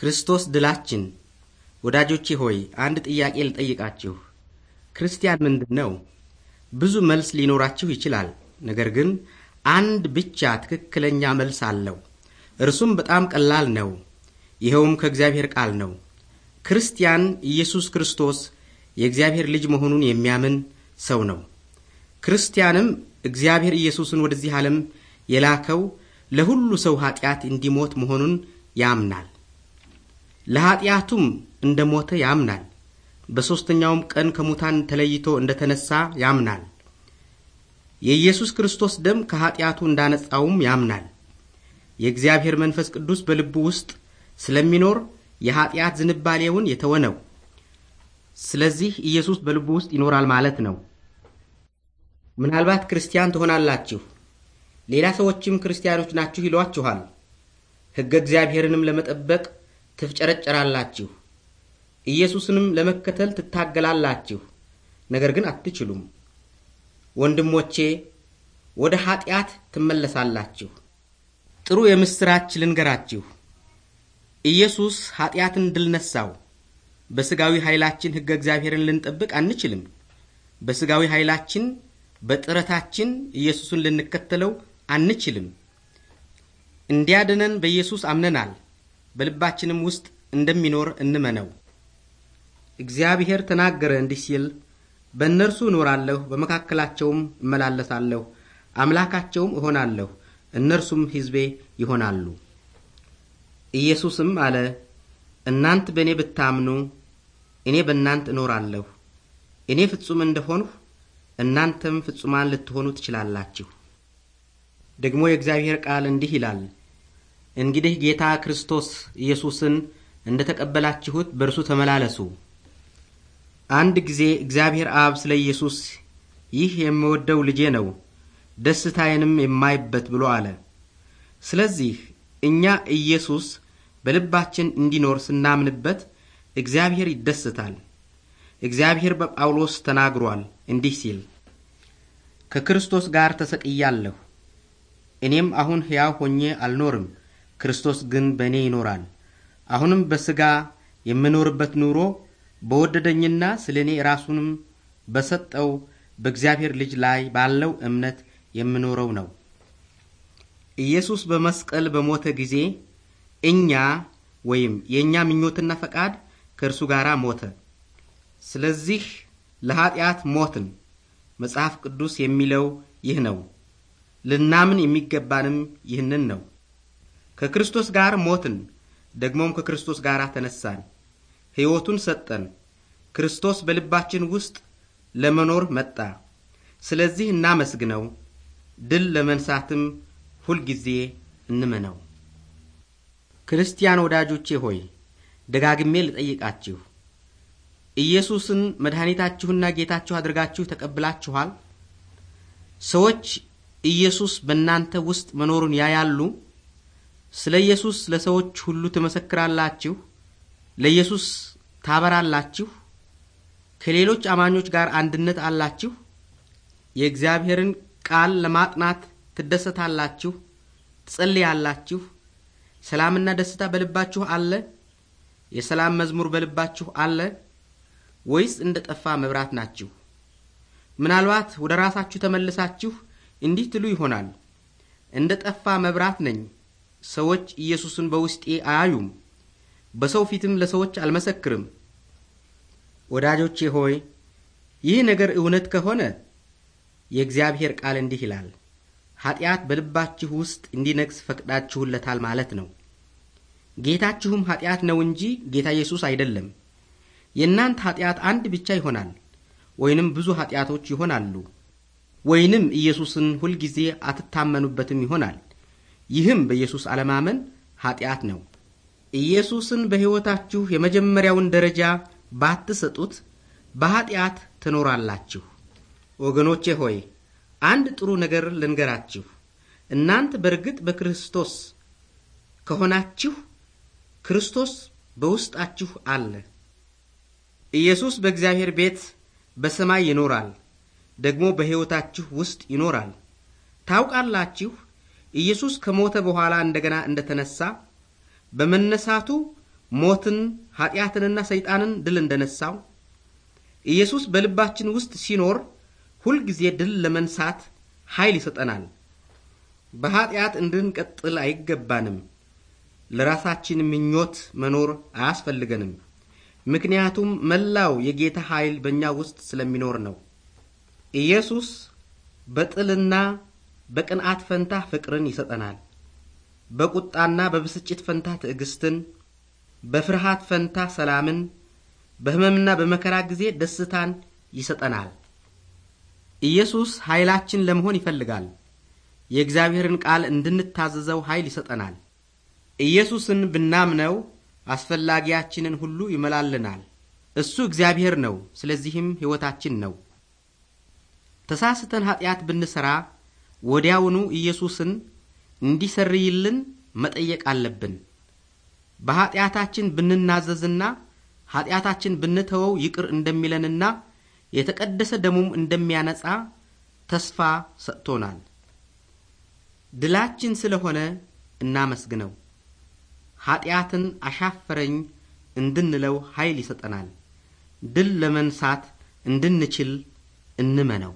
ክርስቶስ ድላችን። ወዳጆቼ ሆይ አንድ ጥያቄ ልጠይቃችሁ። ክርስቲያን ምንድን ነው? ብዙ መልስ ሊኖራችሁ ይችላል። ነገር ግን አንድ ብቻ ትክክለኛ መልስ አለው። እርሱም በጣም ቀላል ነው። ይኸውም ከእግዚአብሔር ቃል ነው። ክርስቲያን ኢየሱስ ክርስቶስ የእግዚአብሔር ልጅ መሆኑን የሚያምን ሰው ነው። ክርስቲያንም እግዚአብሔር ኢየሱስን ወደዚህ ዓለም የላከው ለሁሉ ሰው ኃጢአት እንዲሞት መሆኑን ያምናል። ለኀጢአቱም እንደ ሞተ ያምናል። በሦስተኛውም ቀን ከሙታን ተለይቶ እንደ ተነሣ ያምናል። የኢየሱስ ክርስቶስ ደም ከኀጢአቱ እንዳነጻውም ያምናል። የእግዚአብሔር መንፈስ ቅዱስ በልቡ ውስጥ ስለሚኖር የኀጢአት ዝንባሌውን የተወ ነው። ስለዚህ ኢየሱስ በልቡ ውስጥ ይኖራል ማለት ነው። ምናልባት ክርስቲያን ትሆናላችሁ፣ ሌላ ሰዎችም ክርስቲያኖች ናችሁ ይሏችኋል። ሕገ እግዚአብሔርንም ለመጠበቅ ትፍጨረጨራላችሁ፣ ኢየሱስንም ለመከተል ትታገላላችሁ፣ ነገር ግን አትችሉም። ወንድሞቼ ወደ ኀጢአት ትመለሳላችሁ። ጥሩ የምሥራች ልንገራችሁ። ኢየሱስ ኀጢአትን ድል ነሣው። በሥጋዊ ኃይላችን ሕገ እግዚአብሔርን ልንጠብቅ አንችልም። በሥጋዊ ኃይላችን በጥረታችን ኢየሱስን ልንከተለው አንችልም። እንዲያድነን በኢየሱስ አምነናል። በልባችንም ውስጥ እንደሚኖር እንመነው። እግዚአብሔር ተናገረ እንዲህ ሲል በእነርሱ እኖራለሁ፣ በመካከላቸውም እመላለሳለሁ፣ አምላካቸውም እሆናለሁ፣ እነርሱም ሕዝቤ ይሆናሉ። ኢየሱስም አለ እናንት በእኔ ብታምኑ እኔ በእናንት እኖራለሁ፣ እኔ ፍጹም እንደሆንሁ እናንተም ፍጹማን ልትሆኑ ትችላላችሁ። ደግሞ የእግዚአብሔር ቃል እንዲህ ይላል እንግዲህ ጌታ ክርስቶስ ኢየሱስን እንደ ተቀበላችሁት በእርሱ ተመላለሱ። አንድ ጊዜ እግዚአብሔር አብ ስለ ኢየሱስ ይህ የምወደው ልጄ ነው፣ ደስታዬንም የማይበት ብሎ አለ። ስለዚህ እኛ ኢየሱስ በልባችን እንዲኖር ስናምንበት እግዚአብሔር ይደስታል። እግዚአብሔር በጳውሎስ ተናግሯል እንዲህ ሲል ከክርስቶስ ጋር ተሰቅያለሁ፣ እኔም አሁን ሕያው ሆኜ አልኖርም ክርስቶስ ግን በእኔ ይኖራል። አሁንም በሥጋ የምኖርበት ኑሮ በወደደኝና ስለ እኔ ራሱንም በሰጠው በእግዚአብሔር ልጅ ላይ ባለው እምነት የምኖረው ነው። ኢየሱስ በመስቀል በሞተ ጊዜ እኛ ወይም የእኛ ምኞትና ፈቃድ ከእርሱ ጋር ሞተ። ስለዚህ ለኀጢአት ሞትን። መጽሐፍ ቅዱስ የሚለው ይህ ነው። ልናምን የሚገባንም ይህንን ነው። ከክርስቶስ ጋር ሞትን፣ ደግሞም ከክርስቶስ ጋር ተነሳን፣ ሕይወቱን ሰጠን። ክርስቶስ በልባችን ውስጥ ለመኖር መጣ። ስለዚህ እናመስግነው፣ ድል ለመንሳትም ሁልጊዜ እንመነው። ክርስቲያን ወዳጆቼ ሆይ ደጋግሜ ልጠይቃችሁ፣ ኢየሱስን መድኃኒታችሁና ጌታችሁ አድርጋችሁ ተቀብላችኋል? ሰዎች ኢየሱስ በእናንተ ውስጥ መኖሩን ያያሉ? ስለ ኢየሱስ ለሰዎች ሁሉ ትመሰክራላችሁ? ለኢየሱስ ታበራላችሁ? ከሌሎች አማኞች ጋር አንድነት አላችሁ? የእግዚአብሔርን ቃል ለማጥናት ትደሰታላችሁ? ትጸልያላችሁ? ሰላምና ደስታ በልባችሁ አለ? የሰላም መዝሙር በልባችሁ አለ? ወይስ እንደ ጠፋ መብራት ናችሁ? ምናልባት ወደ ራሳችሁ ተመልሳችሁ እንዲህ ትሉ ይሆናል፣ እንደ ጠፋ መብራት ነኝ ሰዎች ኢየሱስን በውስጤ አያዩም፣ በሰው ፊትም ለሰዎች አልመሰክርም። ወዳጆቼ ሆይ ይህ ነገር እውነት ከሆነ የእግዚአብሔር ቃል እንዲህ ይላል፣ ኀጢአት በልባችሁ ውስጥ እንዲነግስ ፈቅዳችሁለታል ማለት ነው። ጌታችሁም ኀጢአት ነው እንጂ ጌታ ኢየሱስ አይደለም። የእናንተ ኀጢአት አንድ ብቻ ይሆናል፣ ወይንም ብዙ ኀጢአቶች ይሆናሉ፣ ወይንም ኢየሱስን ሁልጊዜ አትታመኑበትም ይሆናል። ይህም በኢየሱስ አለማመን ኃጢአት ነው። ኢየሱስን በሕይወታችሁ የመጀመሪያውን ደረጃ ባትሰጡት በኀጢአት ትኖራላችሁ። ወገኖቼ ሆይ አንድ ጥሩ ነገር ልንገራችሁ። እናንተ በእርግጥ በክርስቶስ ከሆናችሁ ክርስቶስ በውስጣችሁ አለ። ኢየሱስ በእግዚአብሔር ቤት በሰማይ ይኖራል፣ ደግሞ በሕይወታችሁ ውስጥ ይኖራል። ታውቃላችሁ ኢየሱስ ከሞተ በኋላ እንደገና እንደተነሳ በመነሳቱ ሞትን ኃጢአትንና ሰይጣንን ድል እንደነሳው ኢየሱስ በልባችን ውስጥ ሲኖር ሁልጊዜ ድል ለመንሳት ኃይል ይሰጠናል። በኃጢአት እንድንቀጥል አይገባንም። ለራሳችን ምኞት መኖር አያስፈልገንም። ምክንያቱም መላው የጌታ ኃይል በእኛ ውስጥ ስለሚኖር ነው። ኢየሱስ በጥልና በቅንዓት ፈንታ ፍቅርን ይሰጠናል። በቁጣና በብስጭት ፈንታ ትዕግስትን፣ በፍርሃት ፈንታ ሰላምን፣ በሕመምና በመከራ ጊዜ ደስታን ይሰጠናል። ኢየሱስ ኃይላችን ለመሆን ይፈልጋል። የእግዚአብሔርን ቃል እንድንታዘዘው ኃይል ይሰጠናል። ኢየሱስን ብናምነው አስፈላጊያችንን ሁሉ ይመላልናል። እሱ እግዚአብሔር ነው፣ ስለዚህም ሕይወታችን ነው። ተሳስተን ኀጢአት ብንሠራ ወዲያውኑ ኢየሱስን እንዲሰርይልን መጠየቅ አለብን። በኀጢአታችን ብንናዘዝና ኀጢአታችን ብንተወው ይቅር እንደሚለንና የተቀደሰ ደሙም እንደሚያነጻ ተስፋ ሰጥቶናል። ድላችን ስለሆነ እናመስግነው። ኀጢአትን አሻፈረኝ እንድንለው ኃይል ይሰጠናል። ድል ለመንሳት እንድንችል እንመነው።